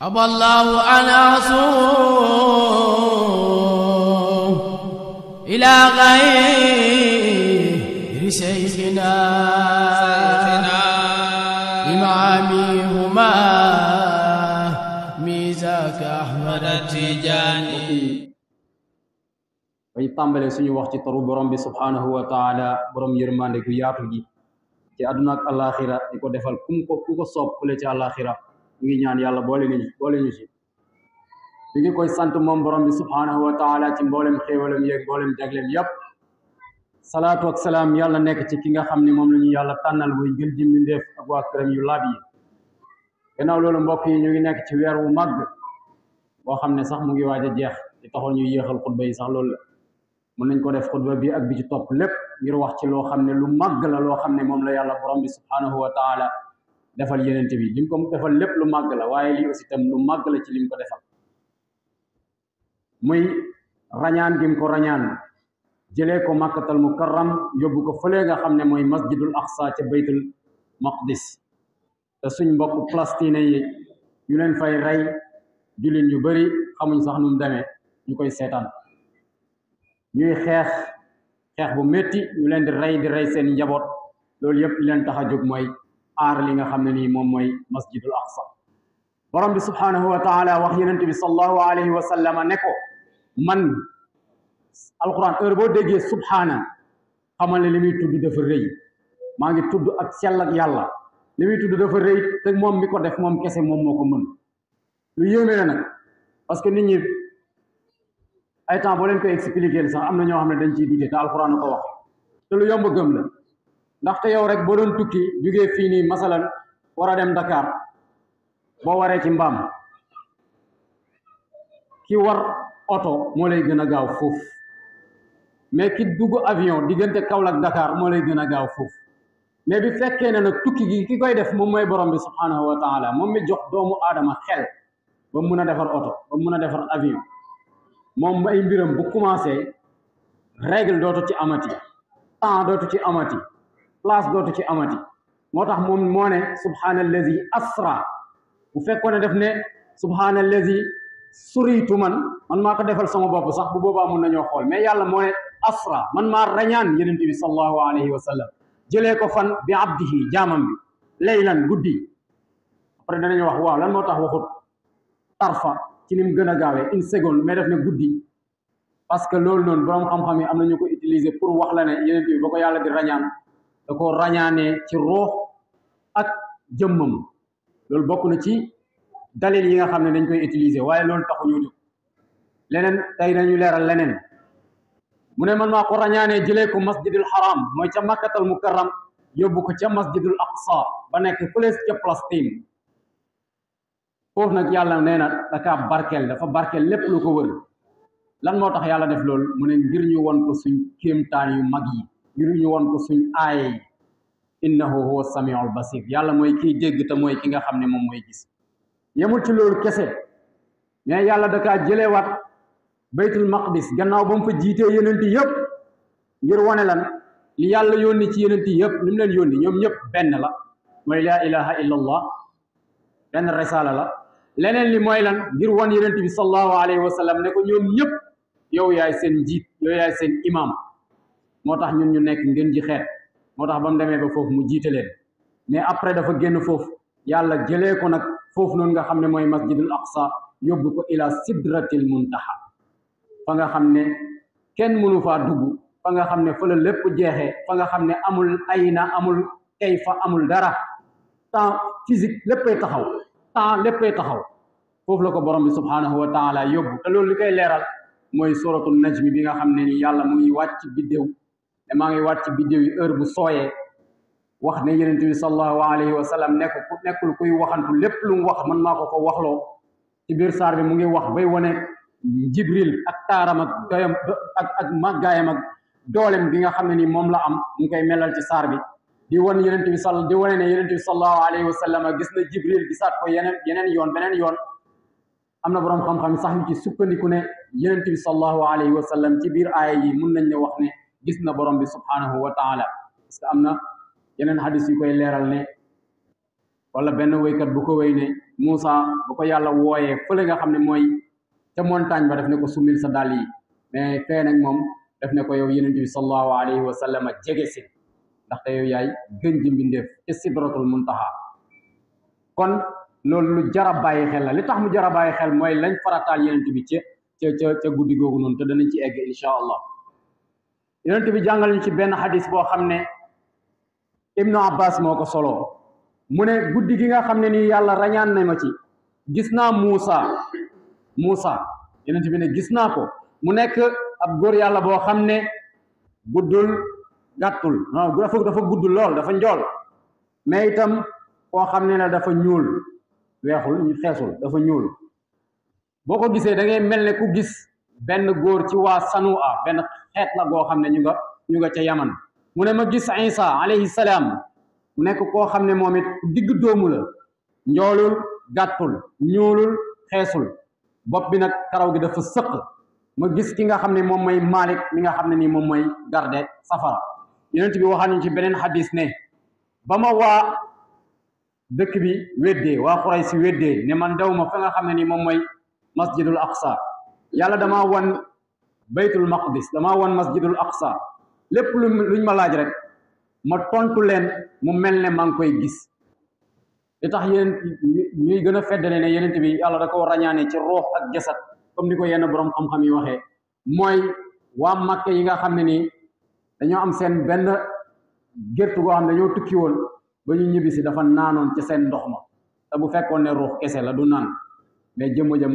أبى الله أن أصوم إلى غير سيدنا إمامهما ميزاك أحمد التجاني bay tàmbale suñu wax ci toru borom bi subhanahu wa taala borom yërmande gu yaatu gi ci àdduna ak alaxira di defal kum ko ku ko le ci alaxira ñu ngi ñaan yàlla boole ñu boole ñu ci ñu ngi koy sant moom borom bi subhaanahu wa taala ci mboolem xéewalam yeeg mboolem jagleem yépp salaatu ak salaam yàlla nekk ci ki nga xam ne moom la ñu yàlla tànnal muy gën ji mbindeef ak waa këram yu laab yi gannaaw loolu mbokk yi ñu ngi nekk ci weer wu màgg boo xam ne sax mu ngi waaj a jeex di taxoon ñu yéexal xutba yi sax loolu la mën nañ ko def xutba bi ak bi ci topp lépp ngir wax ci loo xam ne lu màgg la loo xam ne moom la yàlla borom bi subhaanahu wa taala defal yenente bi lim ko defal lepp lu mag la waye li aussi tam lu mag la ci lim ko defal muy rañaan gi ko rañaan jele ko màkkatal mukarram yobbu ko fele nga xamne ne masjidul aqsa ci baytul maqdis ta suñ mbokk plastine yi ñu len fay rey jullit yu bari xamuñ sax num demé ñukoy sétan ñuy xex xex bu metti ñu len di ray di ray seen njabot loolu yep leen tax a aar li nga xam ne nii moom mooy masjidul aqsa borom bi subhaanahu wa taala wax yonent bi sallallahu alayhi wa sallama ne ko man alquran heure boo déggee subhaana xamal ne li muy tudd dafa rëy maa ngi tudd ak sell ak yàlla li muy tudd dafa rëy te moom mi ko def moom kese moom moo ko mën lu yéeme na nag parce que nit ñi ay temps boo leen koy expliquer sax am na ñoo xam ne dañ ciy dute te alquran ko wax te lu yomb gëm la ndaxte yow rek boo doon tukki jóge fii nii masalan war a dem Dakar boo waree ci mbaam ki war oto moo lay gën a gaaw foofu mais ki dugg avion diggante Kaolack Dakar moo lay gën a gaaw foofu mais bi fekkee ne nag tukki gi ki koy def moom mooy borom bi subhanahu wa taala moom mi jox doomu aadama xel ba mun a defar oto ba mun a defar avion moom ay mbiram bu commencé règle dootu ci amati temps dootu ci amati place dootu ci amati moo tax moom moo ne subhaanallazi asra bu fekkoon ne def ne subhaanallazi suritu man man maa ko defal sama bopp sax bu boobaa mun nañoo xool mais yàlla moo ne asra man maa rañaan yenente bi sallallahu alayhi wa sallam jëlee ko fan bi abdihi jaamam bi laylan guddi après danañu wax wax lan moo tax waxut tarfa ci ni mu gën a gaawee une seconde mais def ne guddi parce que lool noonu boroom xam-xam yi am na ñu ko utiliser pour wax la ne yenente yàlla di rañaan da ko ràññaanee ci ruux ak jëmmam loolu bokk na ci dalil yi nga xam ne dañ koy utiliser waaye loolu taxu ñu jóg leneen tey dañu leeral leneen mu ne man maa ko ràññaanee jëlee ko masjidul haram mooy ca makkatal mukarram yóbbu ko ca masjidul aqsa ba nekk fële ca Palestine foofu nag yàlla nee na dakaa barkeel dafa barkeel lépp lu ko wër lan moo yàlla def loolu mu ngir ñu won ko suñ kéemtaan yu mag yi ngir ñu woon ko suñ aay innahu huwa samiul basir yàlla mooy kiy dégg mooy ki nga xam ne moom mooy gis yemul ci loolu kese yàlla da kaa jëlewaat baytul maqdis gannaaw ba mu fa jiitee yonent yëpp ngir wane lan li yàlla yónni ci yonent yëpp li mu leen yónni ñoom ñëpp benn la mooy laa ilaha illa allah benn la leneen li mooy lan ngir wan yonent bi sallallahu alayhi wa sallam ne ko ñoom ñëpp yow yaay seen njiit yow yaay seen imam motax ñun ñu nekk ngeen ji xet motax bam démé ba fofu mu jité leen mais après dafa génn fofu yàlla jëlé ko nak fofu non nga xamné moy masjidul aqsa yóbbu ko ila sidratil muntaha fa nga xamné ne kenn mënu fa dugg fa nga xamné fa la lépp jéxé fa nga xamné amul ayna amul kayfa amul dara ta physique léppay taxaw temps léppay taxaw fofu la ko borom bi subhanahu wa taala yóbbu te loolu likay leral moy suratul najmi bi nga xamné ni yàlla mu ngi wàcc biddéew te maa ngi waat ci biddew yi heure bu sooyee wax ne yonent bi sallallahu alayhi wa sallam nekk ku nekkul kuy waxantu lépp lu mu wax mën naa ko ko waxloo ci biir saar bi mu ngi wax bay wane jibril ak taaram ak doyam ak ak màggaayam ak doolem bi nga xam ni moom la am mu koy melal ci saar bi di won yonent bi sal di wane ne yonent bi sallallahu alayhi wa sallam gis na jibril sat ko yenen yenen yon benen yon amna borom xam-xam sax ñu ci ku ne yonent bi sallallahu alayhi wa sallam ci bir aaya yi mun nañ ne wax ne gis na borom bi subhanahu wa taala parce que am na yeneen hadis yu koy leeral ne wala benn wéykat bu ko wéy ne Moussa bu ko yàlla wooyee fële nga xam ne mooy ca montagne ba def ne ko sumil sa dàll yi mais fee nag moom def ne ko yow yenent bi sallallahu alayhi wa sallam jege si ndaxte yow yaay gën ji mbindeef ca sidratul muntaha kon loolu lu jara bàyyi xel la li tax mu jara bàyyi xel mooy lañ farataal yenent bi ca ca ca ca guddi googu noonu te danañ ci egg incha yonent bi jàngal ñu ci benn xadis boo xam ne ibnu abbas moo ko solo mu ne guddi gi nga xam ne ni yàlla rañaan na ma ci gis naa muusa muusa yonent bi ne gis naa ko mu nekk ab góor yàlla boo xam ne guddul gàttul non dafa gudd lool dafa njool mais itam koo xam ne la dafa ñuul weexul ñu xeesul dafa ñuul boo ko gisee da mel ne ku gis benn góor ci waa sanua benn xeet la goo xam ne ñu nga ñu nga ca yaman mu ne ma gis isa alayhi salaam mu nekk koo xam ne moom it digg doomu la njoolul gàttul ñuulul xeesul bopp bi nag karaw gi dafa sëq ma gis ki nga xam ne moom mooy Malik mi nga xam ne nii moom mooy garde safara yonent bi waxaan ñu ci beneen xadis ne ba ma waa dëkk bi weddee waa Quraysh si weddee ne man daw ma fa nga xam ne ni moom mooy masjidul aqsa yàlla dama wan Baitul maqdis dama won masjidul aqsa lepp lu luñ ma laaj rek ma tontu len mu melne mang koy gis li tax ñuy gëna fédalé né bi da ko rañané ci roh ak jasad comme ni ko yenn borom xam-xam yi waxé moy wa makka yi nga xam ni dañu am sen benn gertu go xam ne tukki won ba ñu ñibbisi dafa nanon ci sen ndox ma ta bu fekkoon ne ruux kese la du nan mais jëmm ja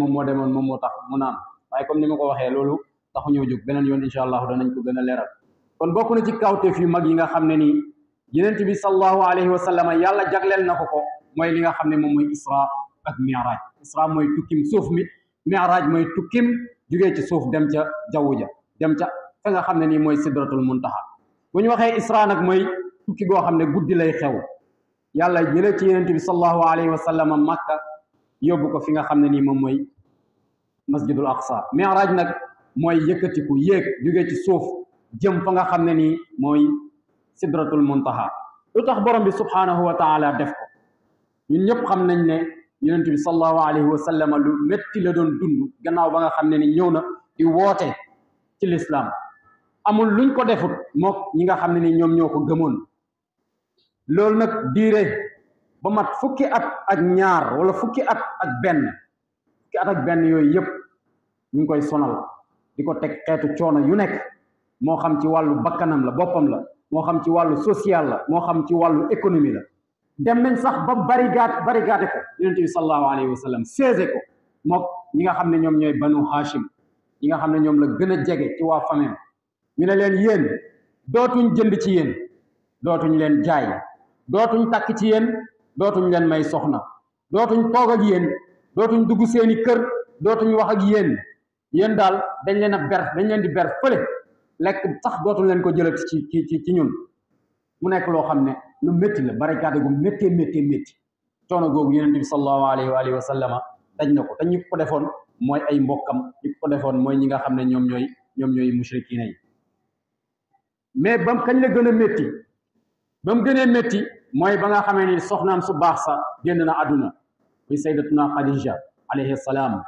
tax mu nan waye comme ni ko waxé lolu taxu ñëw juk benen yoon inshallah allah danañ ko gëna léral kon bokku na ci kawte fi mag yi nga xamné ni yenen yenent bi sallallahu alayhi wa sallam yàlla jaglél nako ko moy li nga xamné mom moy isra ak mi'raj isra moy tukim suuf mi mi'raj moy tukim jugé ci suuf dem ca jawuja dem ca fa nga xamné ni moy sidratul muntaha buñ waxé isra nak moy tukki go xamné ne guddi lay xew yàlla jëlé ci yenent bi sallallahu alayhi wa sallam makka yóbbu ko fi nga xamné ni mom moy masjidul aqsa mi'raj nak mooy yëkkatiku yéeg jóge ci suuf jëm fa nga xam ne nii mooy sidratul muntaha lu tax borom bi subhaanahu wa taala def ko ñun ñëpp xam nañ ne ñu bi sallallahu alayhi wa sallam lu la doon dund gannaaw ba nga xam ne ni ñëw na di woote ci lislaam amul luñ ko defut mook ñi nga xam ne ni ñoom ñoo ko gëmoon loolu nag diire ba mat fukki at ak ñaar wala fukki at ak benn fukki at ak benn yooyu yëpp ñu ngi koy sonal di ko teg xeetu coono yu nekk moo xam ci wàllu bakkanam la boppam la moo xam ci wàllu social la moo xam ci wàllu économie la dem nañ sax ba barigaat barigaate ko yonente bi sallallahu alayhi wa sallam séese ko mook ñi nga xam ne ñoom ñooy banu hashim ñi nga xam ne ñoom la gën a jege ci waa famem ñu ne leen yéen dootuñ jënd ci yéen dootuñ leen jaay dootuñ takk ci yéen dootuñ leen may soxna dootuñ toog ak yéen dootuñ dugg seeni kër dootuñ wax ak yéen yéen daal dañ leen a ber dañ leen di ber fële lekk sax dootul leen ko jëlee ci ci ci ñun mu nekk loo xam ne lu métti la barricade gu méttee méttee métti coono googu yonent bi sallallahu alayhi wa alihi na ko te ñi mooy ay mbokkam ñi mooy ñi nga xam ne ñoom ñooy ñoom ñooy mushrikina yi mais bam kañ la gën a métti ba mu gënee métti mooy ba nga xamee ni soxnaam su baax sa génn na àdduna muy sayyidatuna Khadija alayhi salaam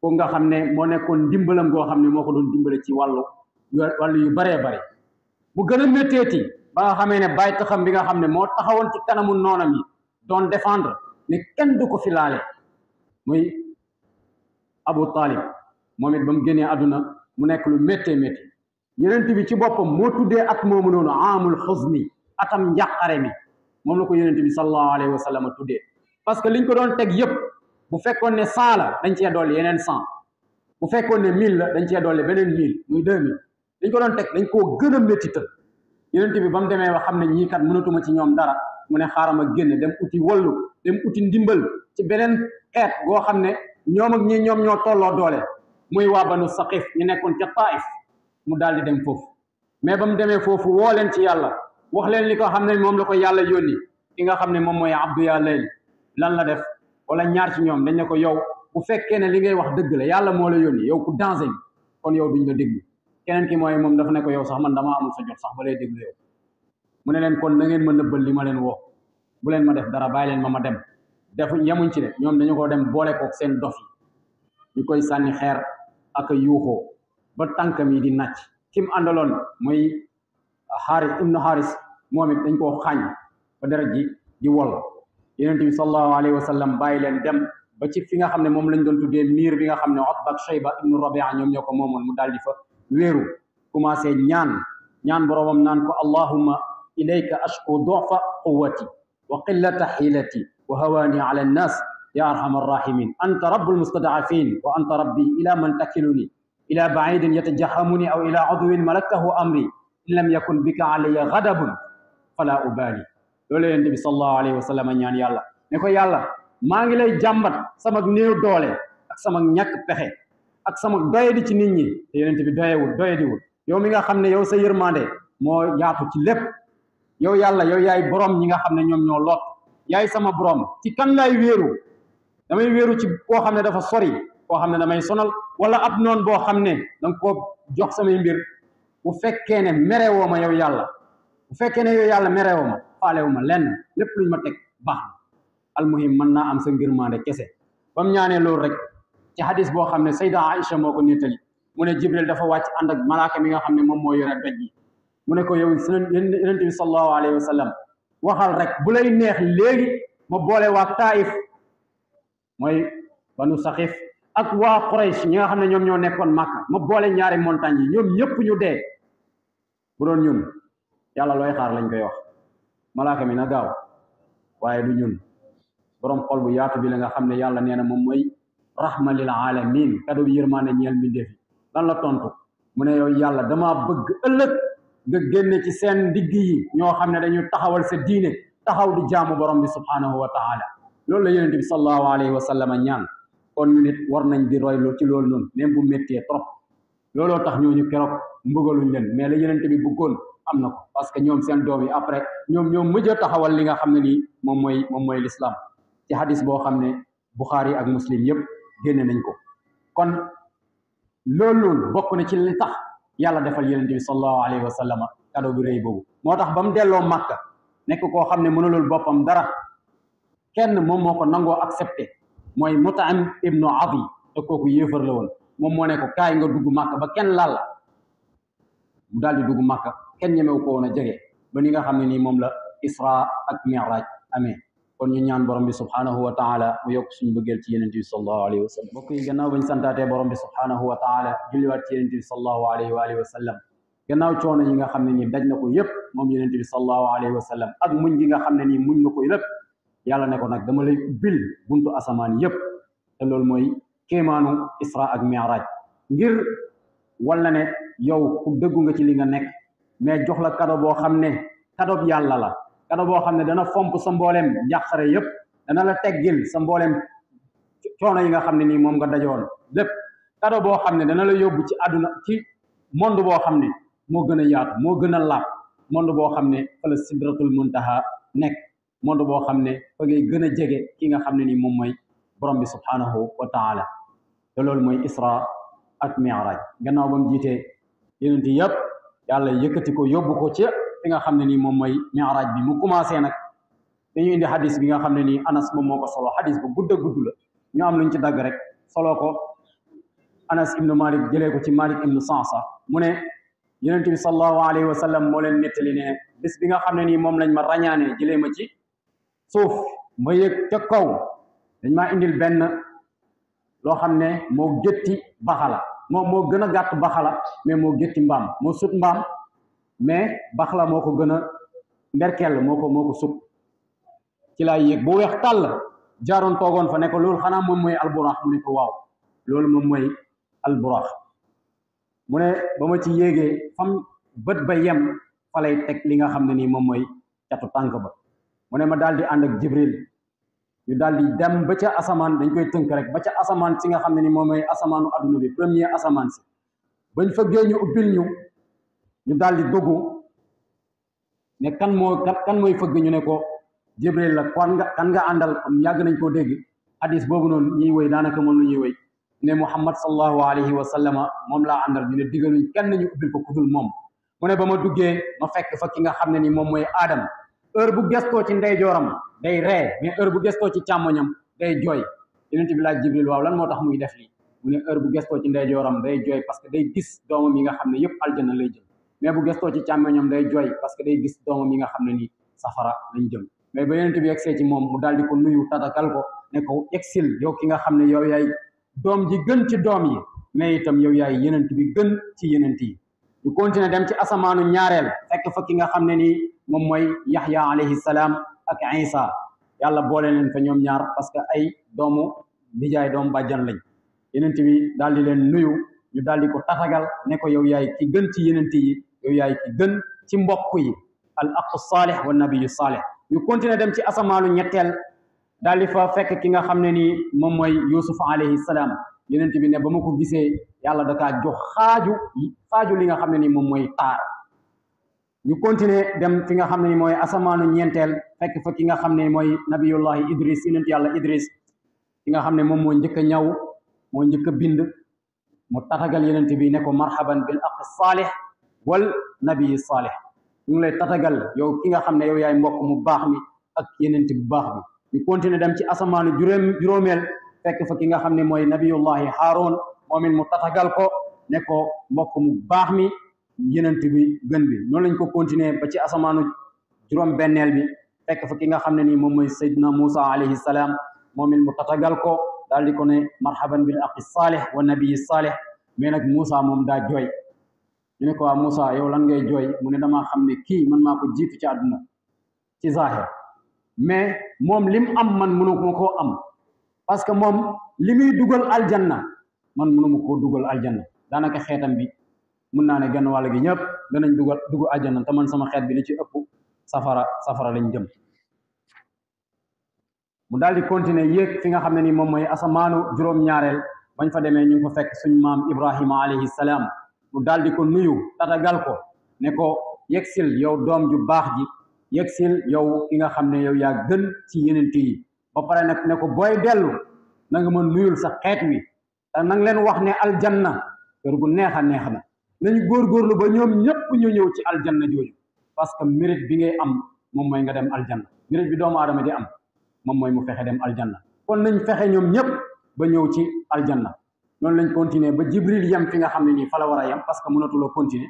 ko nga xam ne moo nekkoon ndimbalam goo xam ne moo ko doon dimbale ci wàllu wàllu yu baree bari bu gën a métteeti ba nga xamee ne bàyyi taxam bi nga xam ne moo taxawoon ci kanamu noonam yi doon défendre ne kenn du ko fi laale muy Abu Talib moom it ba mu génnee àdduna mu nekk lu méttee métti yonent bi ci boppam moo tuddee at moomu noonu amul xuzni atam njàqare mi moom la ko yonent bi sallallahu alayhi wa tuddee parce que liñ ko doon teg yëpp bu fekkoon ne cent la dañ cee dolli yeneen cent bu fekkoon ne mille la dañ cee dolli beneen mille muy deux mille dañ ko doon teg dañ koo gën a méttital yonent bi ba mu demee xam ne ñii kat mënatuma ci ñoom dara mu ne xaaral ma génn dem uti wallu dem uti ndimbal ci beneen xeet goo xam ne ñoom ak ñi ñoom ñoo tolloo doole muy waa banu saqif ñu nekkoon ca taif mu daal di dem foofu mais ba mu demee foofu woo leen ci yàlla wax leen li ko xam ne moom la ko yàlla yónni ki nga xam ne moom mooy abdu yaa layl lan la def wala ñaar ci ñoom dañ ne ko yow bu fekkee ne li ngay wax dëgg la yàlla moo la yónni yow ku danger kon yow duñ la déglu keneen ki mooy moom dafa ne ko yow sax man dama amul sa jot sax ba lay déglu yow mu ne leen kon na ngeen ma nëbbal li ma leen wo bu leen ma def dara bàyyi leen ma dem defu yamuñ ci de ñoom dañu ko dem boole ko seen dof yi ñu koy sànni xeer ak ba tànkam yi di nàcc kim àndaloon muy xaaris ibnu xaaris moom it dañ koo ba dara ji di wol yenenbi sallallahu alayhi wa sallam bàyyi dem ba ci fi nga xamne mom lañ doon tuddé mir bi nga xamne ne Utba Shayba ibn Rabia ñom ñoko momon mu daldi fa wëru commencé ñaan ñaan boroomam nan ko allahumma ilayka ashku dufa quwwati wa qillata hilati wa hawani ala an-nas ya arhamar rahimin anta rabbul mustada'afin wa anta rabbi ila man takiluni ila baidin yatajahamuni aw ila udwin malakahu amri in lam yakun bika alayya ghadabun fala ubali loolu yonent bi sallallahu alayhi wa sallam ñaan yàlla ne ko yàlla maa ngi lay jàmbat sama néew doole ak sama ñàkk pexe ak sama doyadi ci nit ñi te yonent bi doyewul doyadiwul yow mi nga xam ne yow sa yërmande moo yaatu ci lépp yow yàlla yow yaay borom ñi nga xam ne ñoom ñoo lot yaay sama borom ci kan laay wéeru damay wéeru ci koo xam ne dafa sori koo xam ne damay sonal wala ab noon boo xam ne danga koo jox samay mbir bu fekkee ne merewoo ma yow yàlla bu fekkee ne yàlla merewoo faalewu ma lenn lépp luñ ma teg baax na almuhim mën naa am sa ngir ngirmaande kese ba mu ñaanee loolu rek ci hadith boo xam ne sayda Aïcha moo ko nettali mu ne jibril dafa wàcc ànd ak malaaka mi nga xam ne moom moo yore doj yi mu ne ko yow yonente bi sallallahu alayhi wa sallam waxal rek bu lay neex léegi ma boole waa taif mooy banu saxif ak waa quraish ñi nga xam ne ñoom ñoo nekkoon Màkka ma boole ñaari montagne yi ñoom ñëpp ñu dee bu doon ñun yàlla looy xaar lañ koy wax malaaka mi na gaaw waaye du ñun borom xol bu yaatu bi la nga xam ne yàlla nee na moom mooy rahma lil alamin kàddu bi yërmaane ñeel mbindeef yi lan la tontu mu ne yow yàlla dama bëgg ëllëg nga génne ci seen ndigg yi ñoo xam ne dañuy taxawal sa diine taxaw di jaamu borom bi subhanahu wa taala loolu la yonente bi sallallahu alayhi wa sallam ñaan kon nit war nañ di loolu ci loolu noonu même bu méttee trop looloo tax ñooñu keroog mbugaluñ leen mais la yonente bi bëggoon am na parce que ñoom seen doom yi après ñoom ñoom mujj a taxawal li nga xam ne nii moom mooy moom mooy lislaam ci hadis boo xam ne Buxaari ak muslim yëpp génne nañ ko kon loolu bokk na ci li tax yàlla defal yonent bi sallallahu alayhi wa sallam cadeau bu rëy boobu moo tax ba mu delloo Màkka nekk koo xam ne mënulul boppam dara kenn moom moo ko nangoo accepté mooy Mutaim ibnu Adi te kooku yéefar woon moom moo ne ko kaay nga dugg Màkka ba kenn laal mu daal di dugg màkka kenn ñemew ko wona jégué ba ni nga xam ni mom la isra ak mi'raj amee kon ñu ñaan borom bi subhanahu wa taala mu yok suñu bëggel ci yenente bi salallahu alayhi wa sallam bokk yi gannaaw bañ santaté borom bi subhanahu wa taala julli wat ci yenente bi salallahu alayhi wa alihi wa sallam gannaaw choono yi nga xam ni daj nako yëpp mom yenente bi salallahu alayhi wa sallam ak muñ gi nga xam ni muñ nako yépp yàlla ne ko nak dama lay bil buntu asaman yëpp te loolu moy kemanu isra ak mi'raj ngir wala ne yow ku dëggu nga ci li nga nekk mais jox la kado boo xam ne kadob yàlla la kado boo xam ne dana fomp sa mbooleem njàqare yépp dana la teggil sa mboolem coono yi nga xam ne nii moom nga dajoon lépp kado boo xam ne dana la yóbbu ci àdduna ci monde boo xam ne moo gën a yaat moo gën a laab monde boo xam ne fa la sidratul muntaha nekk monde boo xam ne fa ngay gën a jege ki nga xam ne nii moom mooy borom bi subhanahu wa taala te loolu mooy isra ak mi'raj gannaaw ba yonent yëpp yàlla yëkkati ko yóbbu ko ci fi nga xam ne nii moom mooy miraaj bi mu commencé nag dañu indi xadis bi nga xam ne nii anas moom moo ko solo xadis bu gudd a gudd la ñu am lu ñu ci dagg rek solo ko anas ibnu malik jëlee ko ci malik ibnu sansa mu ne yonent bi sallallahu alayhi wa sallam moo leen nettali ne bis bi nga xam ne ni moom lañ ma ràññaanee jëlee ma ci suuf ma yëg ca kaw dañ maa indil benn loo xam ne moo gétti baxa la moom moo gën a gàtt baxala mais moo gétti mbaam moo sut mbaam mais baxla moo ko gën a mberkel moo ko moo ko sut ci laa yéeg bu weex tàll jaaroon toogoon fa nekk loolu xanaa moom mooy alburax mu ne ko waaw loolu moom mooy alburax mu ne ba ma ci yéegee fam bët ba yem fa lay teg li nga xam ne nii moom mooy catu tànk ba mu ne ma daal di ànd ak jibril ñu daal di dem ba ca asamaan dañ koy tënk rek ba ca asamaan si nga xam ne ni moom mooy asamaanu adduna bi premier asamaan si bañ fëggee ñu ubbil ñu ñu daal di dugg ne kan moo kan mooy fëgg ñu ne ko Jibril la kan nga kan nga àndal comme yàgg nañ koo dégg hadis boobu noonu ñuy woy daanaka moom la ñuy woy ne Muhammad sallallahu alayhi wa sallama moom laa àndal ñu ne digaluñ kenn ñu ubbil ko kudul moom mu ne ba ma duggee ma fekk fa ki nga xam ne ni moom mooy Adam heure bu gestoo ci ndeyjooram day ree mais heure bu gestoo ci càmmoñam day jooy yonent bi laaj jibril waaw lan moo tax muy def lii mu ne heure bu gestoo ci ndeyjooram day jooy parce que day gis doomam yi nga xam ne yëpp aljana lay jëm mais bu gestoo ci càmmoñam day jooy parce que day gis doomam yi nga xam ne nii safara lañ jëm mais ba yonent bi egsee ci moom mu daal di ko nuyu tatakal ko ne ko exil yow ki nga xam ne yow yaay doom ji gën ci doom yi mais itam yow yaay yenent bi gën ci yenent yi ñu continuer dem ci asamaanu ñaareel fekk fa ki nga xam ne nii moom mooy yaxya alayhi salaam ak isa yàlla boole leen fa ñoom ñaar parce que ay doomu nijaay doomu bàjjan lañ yenent bi daal di leen nuyu ñu daal di ko tatagal ne ko yow yaay ki gën ci yenent yi yow yaay ki gën ci mbokk yi al aqu saalih wa nabiyu saalih ñu continuer dem ci asamaalu ñetteel daal di fa fekk ki nga xam ne nii moom yusuf alayhi salam yenent bi ne ba ma ko gisee yàlla da kaa jox xaaju xaaju li nga xam ne nii moom mooy ñu continuer dem fi nga xam ne ni mooy asamaanu ñeenteel fekk fa ki nga xam ne mooy nabiyullahi idris yonent yàlla idris ki nga xam ne moom moo njëkk a ñaw moo njëkk a bind mu tatagal yonent bi ne ko marhaban bil aqi saalih wal nabii saalih ñu ngi lay tatagal yow ki nga xam ne yow yaay mbokk mu baax mi ak yonent bu baax bi ñu continuer dem ci asamaanu juróom juróomel fekk fa ki nga xam ne mooy nabiyullahi haaroon moom it mu tatagal ko ko mbokk mu baax mi yënant bi gën bi noonu lañ ko continuer ba ci asamaanu juróom benneel bi fekk fa ki nga xam ne nii moom mooy saydna moussa alayhi salaam moom it mu tatagal ko daal di ko ne marhaban bil aqi saalih wa nabii saalih mais nag moussa moom daa jooy ñu ne ko am moussa yow lan ngay jooy mu ne damaa xam ne kii man maa ko jiitu ci àdduna ci zahir mais moom lim am man mënu ma am parce que moom li muy dugal aljanna man mënu ma koo dugal aljanna daanaka xeetam bi mën naa ne genn wàll gi ñëpp danañ dugal dugg àjjana te man sama xeet bi li ci ëpp safara safara lañ jëm mu daal di continuer yéeg fi nga xam ne ni moom mooy asamaanu juróom-ñaareel bañ fa demee ñu ngi ko fekk suñ maam ibrahima alayhi salaam mu daal di ko nuyu tatagal ko ne ko yegsil yow doom ju baax ji yegsil yow ki nga xam ne yow yaa gën ci yeneen yi ba pare nag ne ko booy dellu nga ma nuyul sa xeet wi te nang leen wax ne aljanna kër gu neex a na nañu góorgóorlu ba ñoom ñëpp ñu ñëw ci aljanna jooju parce que mérite bi ngay am moom mooy nga dem aljanna mérite bi doomu aadama di am moom mooy mu fexe dem aljanna kon nañ fexe ñoom ñëpp ba ñëw ci aljanna noonu lañ continuer ba jibril yem fi nga xam ne nii fa la war a yem parce que mënatuloo continuer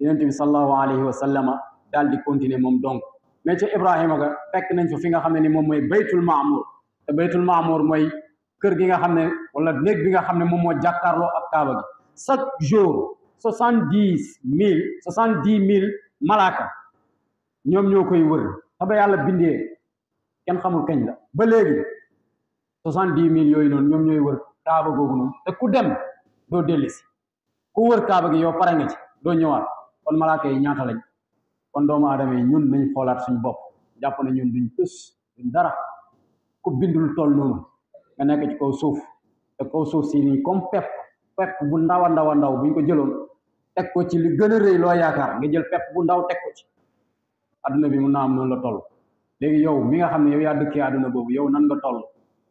yonent bi sallallahu alayhi wa sallama daal di continuer moom donc mais ca ibrahima ga fekk nañ fa fi nga xam ne ni moom mooy baytul maamur te baytul maamur mooy kër gi nga xam ne wala néeg bi nga xam ne moom moo jàkkaarloo ak kaaba gi jour soixante-dix mille soixante-dix mille malaaka ñoom ñoo koy wër xa ba yàlla bindee kenn xamul kañ la ba léegi soixante-dix mille yooyu noonu ñoom ñooy wër taaba googu noonu te ku dem doo dellusi ku wër kaaba gi yow pare nga ci doo ñëwaat kon malaaka yi ñaata lañ kon doomu aadama yi ñun nañ xoolaat suñu bopp jàpp na ñun duñ tus duñ dara ku bindul toll noonu nga nekk ci kaw suuf te kaw suuf si nii comme pepp pepp bu ndaw a ndaw a ndaw bu ñu ko jëloon teg ko ci li gën a rëy loo yaakaar nga jël pepp bu ndaw teg ko ci adduna bi mun naa am la toll léegi yow mi nga xam ne yow yaa dëkkee adduna boobu yow nan nga toll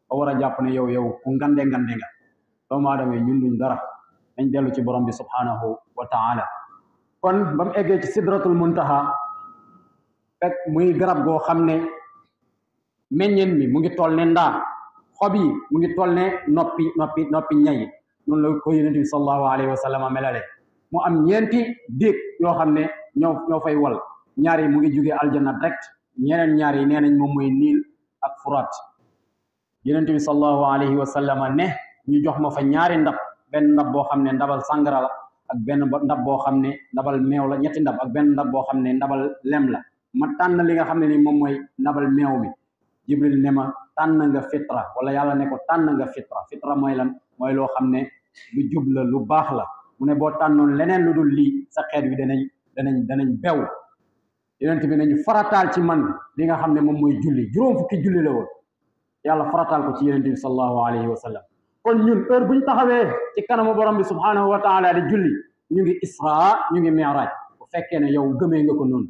ba war a jàpp ne yow yow ku ngande ngande nga doomu aadama yi ñun duñ dara dañ dellu ci borom bi subhanahu wa taala kon ba eggee ci sidratul muntaha fekk muy garab goo xam ne meññeen mi mu ngi toll ne ndaa xob yi mu ngi toll ne noppi noppi noppi ñayi noonu la ko yonent bi sallallahu alayhi wa sallam melale mu am ñeenti déeg yoo xam ne ñoo ñoo fay wal ñaar mu ngi jugee aljanna direct ñeneen ñaar yi nee nañ moom mooy niil ak furaat yonent bi sallallahu alayhi wa sallam ne ñu jox ma fa ñaari ndab benn ndab boo xam ne ndabal sàngara la ak benn ndab boo xam ne ndabal meew la ñetti ndab ak benn ndab boo xam ne ndabal lem la ma tànn li nga xam ne ni moom mooy ndabal meew mi jibril ne ma tan nga fitra wala yalla ne ko tan nga fitra fitra moy lan moy lo xamne ne lu jub la lu bax la mu ne boo tànnoon leneen lu dul lii sa xet wi danañ danañ danañ bew yonent bi nañu faratal ci man li nga xamne mom moy julli juroom fukki julli la won yalla faratal ko ci yonent bi sallallahu alayhi wa sallam kon ñun heure buñ taxawé ci kanamu borom bi subhanahu wa taala di julli ñu ngi isra ñu ngi mi'raj bu fekke ne yow gëmé nga ko noonu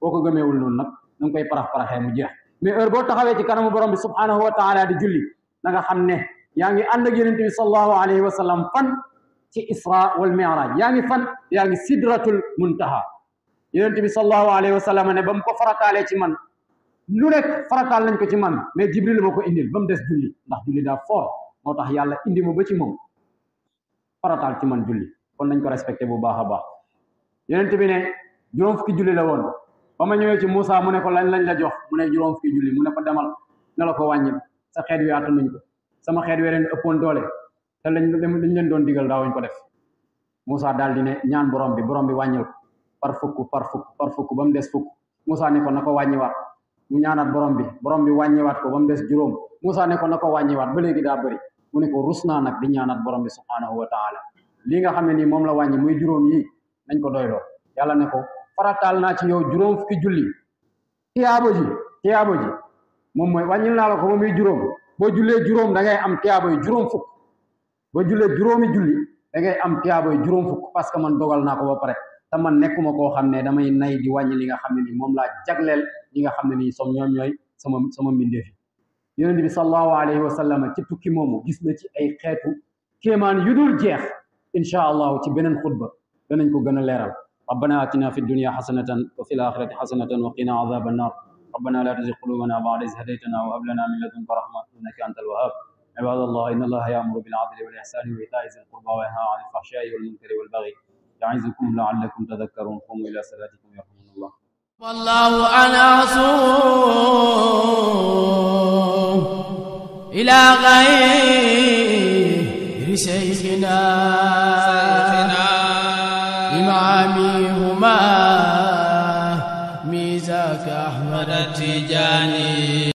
boko gëmé wul nak nang koy parax paraxé mu jeex mais heure boo taxawee ci kanamu borom bi subhanahu wa taala di julli nga xamné yaangi ànd ak yonente bi sallallahu alayhi wa sallam fan ci isra wal miraj yaangi fan yaangi sidratul muntaha yonente bi sallallahu alayhi wa sallam ne bam ko farakalé ci man lu nek farakal nañ ko ci man mais jibril ma ko indil bam dess julli ndax julli da foor motax yàlla indi mo ba ci mom farakal ci man julli kon nañ ko respecté bu baakha baax yonente bi ne juróom fukki julli la won bama ñëwé ci Moussa mu ne ko lañ lañ la jox mu ne juroom fi julli mu ne ko demal na la ko wañi sa xéet wi attanuñ ko sama xéet wi leen ëppoon doole te lañ dañ leen doon digal daawuñ ko def Moussa dal di ne ñaan borom bi borom bi wàññil ko par fukk par fukk par fukk bam dess fukk Moussa ne ko nako wañi waat mu ñaanat borom bi borom bi waat ko bam dess juroom Moussa ne ko nako wañi waat ba léegi da bari mu ne ko rusna nak di ñaanat borom bi subhanahu wa taala li nga ni mom la wañi muy juroom yi nañ ko doylo yalla ne ko farataal naa ci yow juróom fukki julli tiyaaba ji tiyaaba ji moom mooy wàññil naa la ko moom juróom boo jullee juróom dangay am tiyaabo yu juróom fukk boo jullee juróomi julli da ngay am tiyaaba yu juróom fukk parce que man dogal naa ko ba pare te man nekkuma koo xam ne damay nay di wàññi li nga xam ne nii moom laa jagleel li nga xam ne ni som ñoom ñooy sama sama mbindeef yi yonent bi sallallahu alayhi wa sallam ci tukki moomu gis na ci ay xeetu kéemaan yu dul jeex incha allahu ci beneen xutba danañ ko gën a leeral ربنا آتنا في الدنيا حسنة وفي الآخرة حسنة وقنا عذاب النار ربنا لا تزغ قلوبنا بعد إذ هديتنا وهب لنا من لدنك رحمة إنك أنت الوهاب عباد الله إن الله يأمر بالعدل والإحسان وإيتاء ذي القربى وينهى عن الفحشاء والمنكر والبغي يعظكم لعلكم تذكرون قوموا إلى صلاتكم يرحمكم الله والله أنا صوم إلى غير شيخنا إمامي Tijani